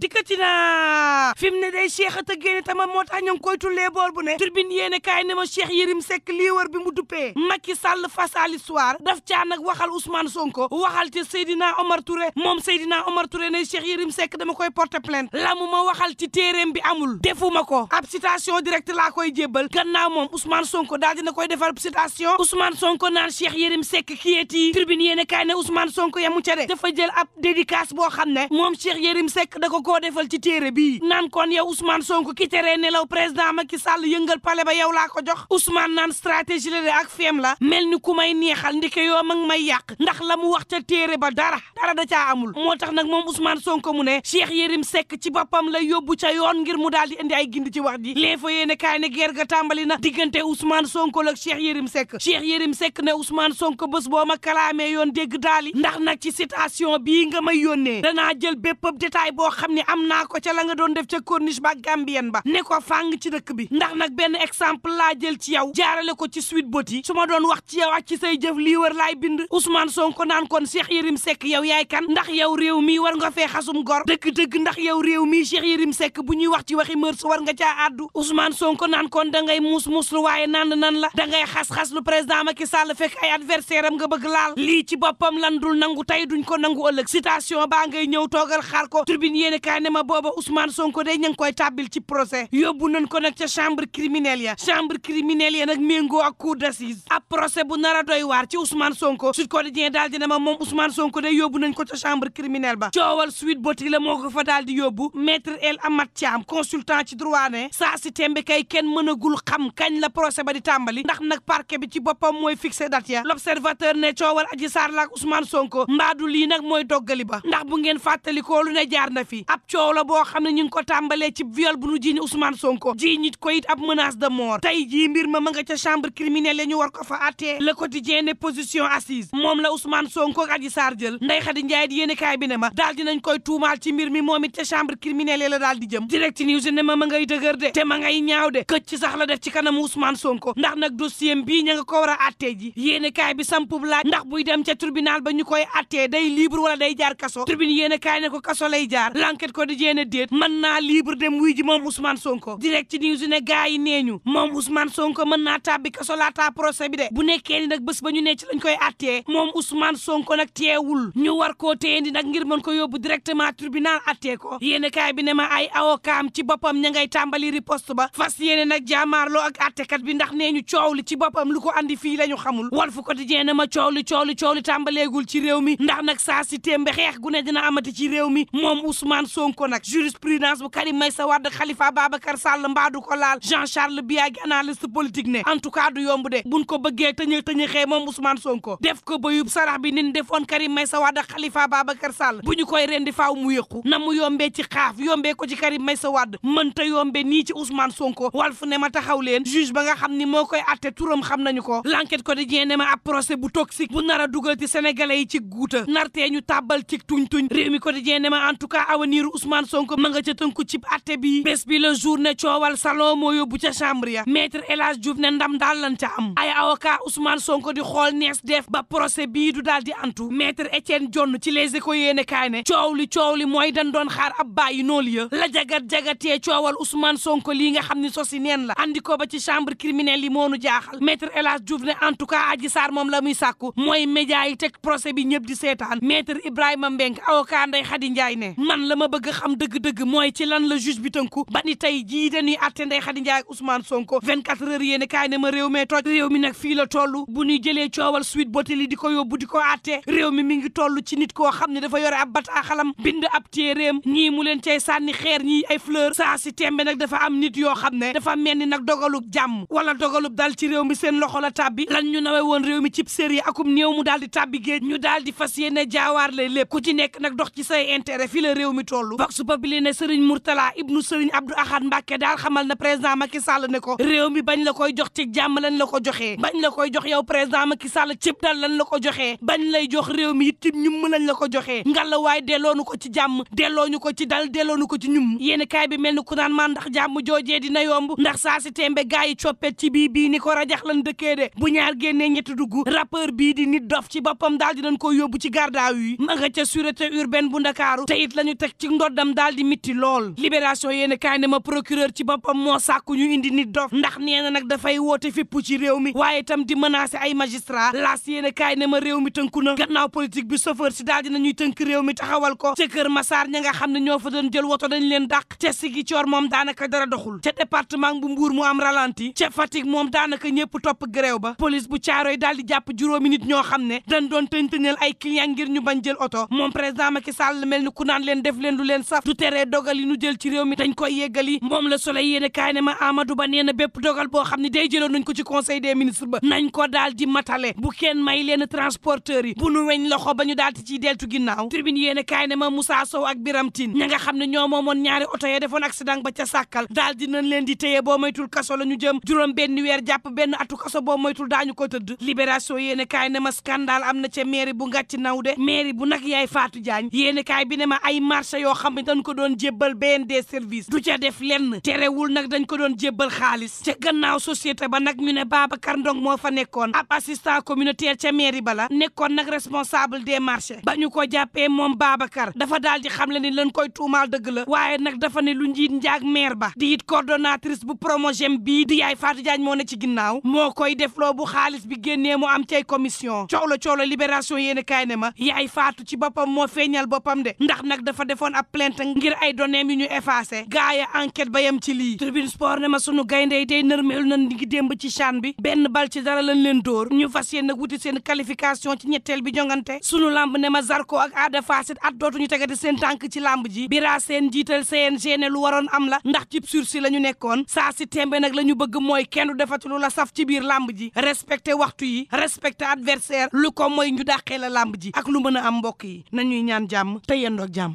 dikkati na fi mu ne day cheikh at a génne tamit moo tax ña ngi koy tullee boor bu ne turbine yéene kaay ne ma cheikh yérim sekk lii wër bi mu duppee Macky Sall face à l'histoire daf caa nag waxal Ousmane Sonko waxal ci Seydina Omar Touré moom Seydina Omar Touré ne cheikh yérim sekk dama koy porter plainte la mu ma waxal ci téeréem bi amul defuma ko ab citation directe laa koy jébbal gannaaw moom Ousmane Sonko daal dina koy defal citation Ousmane Sonko naan cheikh yérim seck kiyétii turbine yéene kaay ne Ousmane Sonko yamu ca dafa jël ab dédicace boo xam ne moom cheikh yérim seck ko koo defal ci téere bii naan kon yow Ousmane Sonko ki teree nelaw président Macky Sall yëngal pale ba yow laa ko jox Ousmane nan stratégie la de ak feem la mel ni ku may neexal ndike yoo mag may yàq ndax la mu wax ca téere ba dara dara da caa amul moo tax nag moom Ousmane Sonko mu ne Cheikh Yérim sekk ci boppam la yóbbu ca yoon ngir mu daal di indi ay gindi ci wax ji l'info yéene kaay ne ga tàmbali na diggante Ousmane Sonko la Cheikh Yérim Seck Cheikh Yérim Seck ne Ousmane Sonko bés boo ma kalaamee yoon dégg daali ndax nag ci citation bii nga may yónnee danaa jël ni am naa ko ca la nga doon def ca corniche ba gambien ba fàng ci dëkk bi ndax nag benn exemple laa jël ci yow jaarale ko ci suite boti su ma doon wax ci yow ak ci say jëf lii wër laay bind Ousmane Sonko naan kon Cheikh Yérim Seck yow yaay ndax yow réew mi war nga fee xasum gor dëgg-dëgg ndax yow réew mi Cheikh Yérim sekk bu ñuy wax ci waxi mër su war nga caa àddu Ousmane Sonko naan kon da ngay muus muus waaye naan nan la da ngay xas-xas lu président Macky Sall fekk ay adversaire am nga bëgg laal lii ci boppam lan nangu tey duñ ko nangu ëllëg citation baa ngay ñëw toogal xaar ko tribune yéene yéenekaay ne ma booba Ousmane Sonko day ñu ngi koy tàbbil ci procès yóbbu nañ ko nag ca chambre criminelle ya chambre criminelle ya nag méngoo ak cour d'assises ab procès bu nar a doy waar ci Ousmane Sonko Sud Quotidien daal dina ma moom Ousmane Sonko day yóbbu nañ ko ca chambre criminelle ba coowal Sweet Beauté la moo ko fa daal di yóbbu maître El Amat Thiam consultant ci droit ne saa si tembe kay kenn mënagul xam kañ la procès ba di tàmbali ndax nag parquet bi ci boppam mooy fixé date ya l'observateur ne coowal Adji lii nag mooy doggali ba ndax bu ngeen fàttali ko lu ne jaar na fi ab coow la boo xam ne ñu ngi ko tàmbalee ci viol bu nu jiiñ Ousmane Sonko ji nit ko ab menace de mort tey jii mbir ma ma nga ca chambre criminelle la ñu war ko fa attee le quotidien ne position assise moom la Ousmane Sonko ak Adji Sarr jël di yéenekaay bi ne ma daal ci mbir mi moom it ca chambre criminelle di jëm direct news ne ma ma ngay dëgër de te ma ngay ñaaw de këcc sax la def ci kanamu Ousmane Sonko ndax nag dossier bii ña nga ko war a attee ji yéenekaay bi sampub laaj ndax buy dem ca tribunal ba ñu koy attee day libre wala day jaar enquête quotidien ne déet mën naa libre dem wuy ji moom Ousmane Sonko direct ci news ne gars yi nee ñu moom Ousmane Sonko mën naa tàbbi kaso laata procès bi de bu nekkee ni nag bés ba ñu ne ci lañ koy attee moom Ousmane Sonko nag teewul ñu war koo téyendi nag ngir mën ko yóbbu directement tribunal attee ko yéene kaay bi ne ma ay awokaam ci boppam ña ngay tàmbali riposte ba fas yéene nag jaamaarloo ak attekat bi ndax nee ñu coow li ci boppam lu ko andi fii la ñu xamul Walf Quotidien ne ma coow li coow li coow li ci réew mi ndax nag saa si témbe xeex gu ne dina amati ci réew mi Sonko nag jurisprudence bu Karim Meïssa Wade Khalifa Babacar Sall mbaa du ko laal Jean Charles Biagui analyste politique ne en du yomb de buñ ko bëggee tëñë tëñëxee moom Ousmane Sonko def ko ba yub sarax bi nin defoon Karim Meïssa Wade Khalifa Babacar Sall bu ñu koy rendi faaw mu yëqu na mu yombee ci xaaf yombee ko ci Karim Meïssa Wade mënta yombe nii ci Ousmane Sonko fu ne ma taxaw leen juge ba nga xam ni moo koy atte turam xam nañu ko l'enquête quotidien ne ma bu toxique bu nar dugal ci sénégalais yi ci guuta ci tuñ tuñ réew mi quotidien ne ma en tout cas mbir Ousmane Sonko ma nga ca tënku cib atte bi bés bi la journée coowal salon moo yóbbu ca chambre ya maître El Hadj Diouf ne ndam daal lan ca am ay avocat Ousmane Sonko di xool nees def ba procès bii du daal di antu maître Étienne Dione ci les échos yéene kaay ne coow mooy dan doon xaar ab bàyyi noolu ya la jagat-jagatee coowal Ousmane Sonko lii nga xam ne sosi neen la andi ko ba ci chambre criminelle yi moonu jaaxal maître El Hadj Diouf ne en tout cas Adji moom la muy sàkku mooy média yi teg procès bi ñëpp di seetaan maître Ibrahima Mbengue avocat Ndeye ma bëgg xam dëgg-dëgg mooy ci lan la juge bi tënku ba ni tey jii dañuy atte Ndeye Khady Ndiaye ak Ousmane Sonko 24 heures yéene kaay ne ma réew mee toj réew mi nag fii la toll bu ñuy jëlee coowal Sweet Beauté di ko yóbbu di ko atte réew mi mi ngi ci nit koo xam ne dafa yore ab bataaxalam bind ab téeréem ñii mu leen cay sanni xeer ñi ay fleur saa si tembe nag dafa am nit yoo xam ne dafa mel ni nag dogalub jàmm wala dogalub dal ci réew mi seen loxo la tàbbi lan ñu nawe woon rew mi cib série akum néew mu daal di tàbbi géej ñu daal di fas yéene jaawaar lay lépp ku ci nekk nag dox ci say intérêt fii la réew mi toll vox populi ne sëriñ Mourtala ibnu sëriñ Abdou Ahad Mbacke daal xamal na président Macky sal ne ko réew mi bañ la koy jox ci jàmm lañ la ko joxee bañ la koy jox yow président Macky Sall cib dal lañ la ko joxe bañ lay jox réew mi it ñum lañ la ko joxee ngalla waaye delloonu ko ci jàmm dellooñu ko ci dal delloonu ko ci ñum yéen kaay bi mel ni ku naan maan ndax jàmm joojee dina yomb ndax saa si tembe gars yi coppet ci bii bii ni ko rajax lan dëkkee de bu ñaar génnee ñetti dugg rappeur bii di nit dof ci boppam daal dinañ ko yóbbu ci gardaaw ma nga ca sûreté urbaine bu ndakaaru te it lañu teg ci ci ndoddam daal di mitti lool libération yéen kaay ne ma procureur ci boppam moo sàkku ñu indi nit dof ndax nee na nag dafay woote fépp ci réew mi waaye itam di menacer ay magistrat laas yéen kaay ne ma réew mi tënku na gannaaw politique bi chauffeur si daal dinañuy tënk réew mi taxawal ko ca Kër Massar ña nga xam ne ñoo fa doon jël woto dañ leen dàq ca Ziguinchor moom daanaka dara doxul ca département bu Mbour mu am ralenti ca Fatick moom daanaka ñëpp topp grève lu leen saf du teree dogal yi nu jël ci réew mi dañ koy yeggali moom la soleil yéene kaay ma Amadou Ba nee bépp dogal boo xam ne day jëloon nañ ko ci conseil des ba nañ ko daal di matale bu kenn may leen transporteurs yi bu nu weñ ba ñu daal di ciy deltu ginnaaw tribune yéene kaay ne ma Moussa Sow ak Biram Tine ña nga xam ne ñoo moomoon ñaari oto ya defoon accident ba ca sàkkal daal di leen di téye boo moytul kaso la ñu jëm juróom benn weer jàpp benn atu kaso boo moytul daañu ko tëdd libération yéene kaay ne ma scandale am na ca mairie bu ngàcc naw de mairie bu nag yaay Fatou Diagne yéene kaay bi ne ma ay marché yoo xam ne dañ ko doon jébbal BND service du ca def lenn wul nag dañ ko doon jébbal xaalis ca gannaaw société ba nag ñu ne baaba Babacar Ndong moo fa nekkoon ab assistant communautaire ca mairie ba la nekkoon nag responsable des marchés ba ñu ko jàppee moom Babacar dafa daal di xam le ni lan koy tuumaal dëgg la waaye nag dafa ne lu njiit njaag maire ba di it coordonnatrice bu promogem bii di yaay Fatou Diagne moo ne ci ginnaaw moo koy def bu xaalis bi génnee mu am cay commission coow la libération yéen kaay ne ma yaay Fatou ci boppam moo feeñal boppam ab plainte ngir ay données yu ñu effacé gaaya enquête ba yem ci lii tribune sport ne ma sunu gayndey tey nërmeelu nan di ngi démb ci chan bi benn bal ci dara lañ leen dóor ñu fas yéen nag wuti seen qualification ci ñetteel bi jongante sunu lamb ne ma Zarko ak Ada Fass at dootuñu tegati seen tànk ci lamb ji bira seen jiital CNG ne lu waroon am la ndax cib sursi la ñu nekkoon saa si tembe nag la ñu bëgg mooy kenn du defati lu la saf ci biir lamb ji respecté waxtu yi respecté adversaire lu ko mooy ñu dàqee la lamb ji ak lu mën a am mbokk yi nañuy ñaan jàmm te jàmm